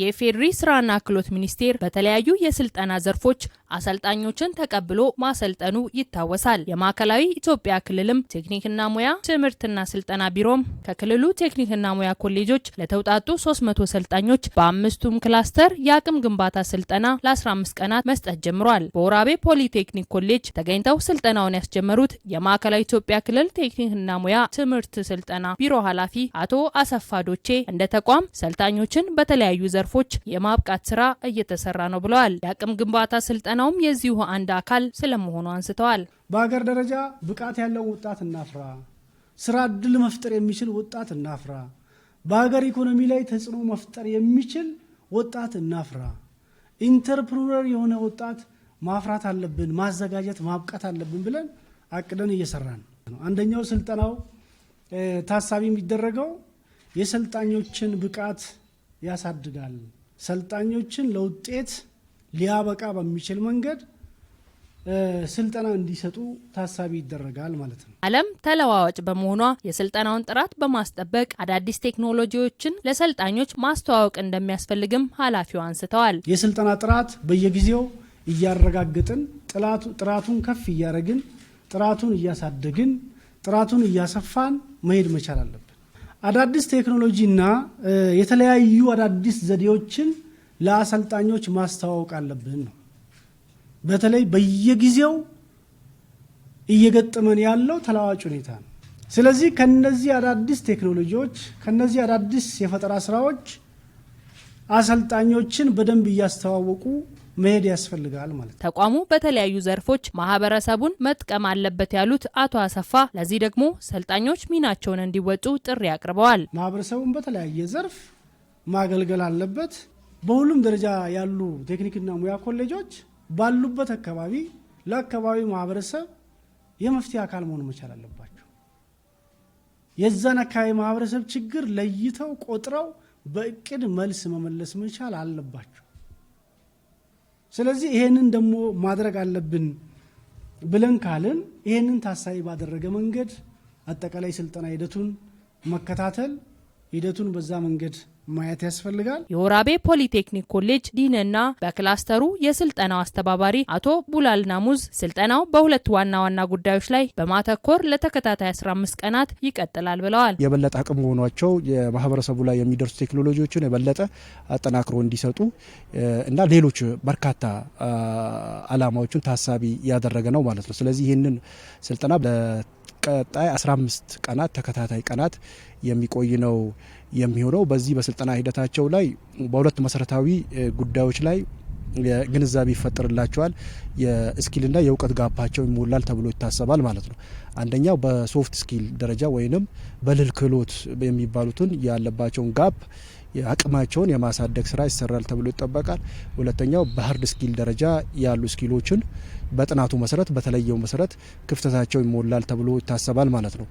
የኢፌዴሪ ስራና ክህሎት ሚኒስቴር በተለያዩ የስልጠና ዘርፎች አሰልጣኞችን ተቀብሎ ማሰልጠኑ ይታወሳል። የማዕከላዊ ኢትዮጵያ ክልልም ቴክኒክና ሙያ ትምህርትና ስልጠና ቢሮም ከክልሉ ቴክኒክና ሙያ ኮሌጆች ለተውጣጡ 300 ሰልጣኞች በአምስቱም ክላስተር የአቅም ግንባታ ስልጠና ለ15 ቀናት መስጠት ጀምሯል። በወራቤ ፖሊቴክኒክ ኮሌጅ ተገኝተው ስልጠናውን ያስጀመሩት የማዕከላዊ ኢትዮጵያ ክልል ቴክኒክና ሙያ ትምህርት ስልጠና ቢሮ ኃላፊ አቶ አሰፋ ዶቼ እንደ ተቋም ሰልጣኞችን በተለያዩ ዘርፎች የማብቃት ስራ እየተሰራ ነው ብለዋል። የአቅም ግንባታ ስልጠና ስልጠናውም የዚሁ አንድ አካል ስለመሆኑ አንስተዋል። በሀገር ደረጃ ብቃት ያለው ወጣት እናፍራ፣ ስራ እድል መፍጠር የሚችል ወጣት እናፍራ፣ በሀገር ኢኮኖሚ ላይ ተጽዕኖ መፍጠር የሚችል ወጣት እናፍራ። ኢንተርፕሩነር የሆነ ወጣት ማፍራት አለብን፣ ማዘጋጀት ማብቃት አለብን ብለን አቅደን እየሰራን ነው። አንደኛው ስልጠናው ታሳቢ የሚደረገው የሰልጣኞችን ብቃት ያሳድጋል። ሰልጣኞችን ለውጤት ሊያበቃ በሚችል መንገድ ስልጠና እንዲሰጡ ታሳቢ ይደረጋል ማለት ነው። ዓለም ተለዋዋጭ በመሆኗ የስልጠናውን ጥራት በማስጠበቅ አዳዲስ ቴክኖሎጂዎችን ለሰልጣኞች ማስተዋወቅ እንደሚያስፈልግም ኃላፊው አንስተዋል። የስልጠና ጥራት በየጊዜው እያረጋግጥን ጥራቱን ከፍ እያደረግን ጥራቱን እያሳደግን ጥራቱን እያሰፋን መሄድ መቻል አለብን። አዳዲስ ቴክኖሎጂና የተለያዩ አዳዲስ ዘዴዎችን ለአሰልጣኞች ማስተዋወቅ አለብን ነው። በተለይ በየጊዜው እየገጠመን ያለው ተለዋጭ ሁኔታ ነው። ስለዚህ ከነዚህ አዳዲስ ቴክኖሎጂዎች ከነዚህ አዳዲስ የፈጠራ ስራዎች አሰልጣኞችን በደንብ እያስተዋወቁ መሄድ ያስፈልጋል ማለት ነው። ተቋሙ በተለያዩ ዘርፎች ማህበረሰቡን መጥቀም አለበት ያሉት አቶ አሰፋ፣ ለዚህ ደግሞ ሰልጣኞች ሚናቸውን እንዲወጡ ጥሪ አቅርበዋል። ማህበረሰቡን በተለያየ ዘርፍ ማገልገል አለበት። በሁሉም ደረጃ ያሉ ቴክኒክና ሙያ ኮሌጆች ባሉበት አካባቢ ለአካባቢ ማህበረሰብ የመፍትሄ አካል መሆን መቻል አለባቸው። የዛን አካባቢ ማህበረሰብ ችግር ለይተው ቆጥረው በእቅድ መልስ መመለስ መቻል አለባቸው። ስለዚህ ይሄንን ደግሞ ማድረግ አለብን ብለን ካልን ይሄንን ታሳቢ ባደረገ መንገድ አጠቃላይ ስልጠና ሂደቱን መከታተል ሂደቱን በዛ መንገድ ማየት ያስፈልጋል። የወራቤ ፖሊቴክኒክ ኮሌጅ ዲንና በክላስተሩ የስልጠናው አስተባባሪ አቶ ቡላል ናሙዝ ስልጠናው በሁለት ዋና ዋና ጉዳዮች ላይ በማተኮር ለተከታታይ 15 ቀናት ይቀጥላል ብለዋል። የበለጠ አቅም ሆኗቸው የማህበረሰቡ ላይ የሚደርሱ ቴክኖሎጂዎችን የበለጠ አጠናክሮ እንዲሰጡ እና ሌሎች በርካታ ዓላማዎችን ታሳቢ ያደረገ ነው ማለት ነው። ስለዚህ ይህንን ስልጠና ለቀጣይ 15 ቀናት ተከታታይ ቀናት የሚቆይ ነው የሚሆነው። በዚህ በስልጠና ሂደታቸው ላይ በሁለት መሰረታዊ ጉዳዮች ላይ ግንዛቤ ይፈጠርላቸዋል። የስኪልና የእውቀት ጋፓቸው ይሞላል ተብሎ ይታሰባል ማለት ነው። አንደኛው በሶፍት ስኪል ደረጃ ወይንም በልል ክህሎት የሚባሉትን ያለባቸውን ጋፕ አቅማቸውን የማሳደግ ስራ ይሰራል ተብሎ ይጠበቃል። ሁለተኛው በሀርድ ስኪል ደረጃ ያሉ ስኪሎችን በጥናቱ መሰረት በተለየው መሰረት ክፍተታቸው ይሞላል ተብሎ ይታሰባል ማለት ነው።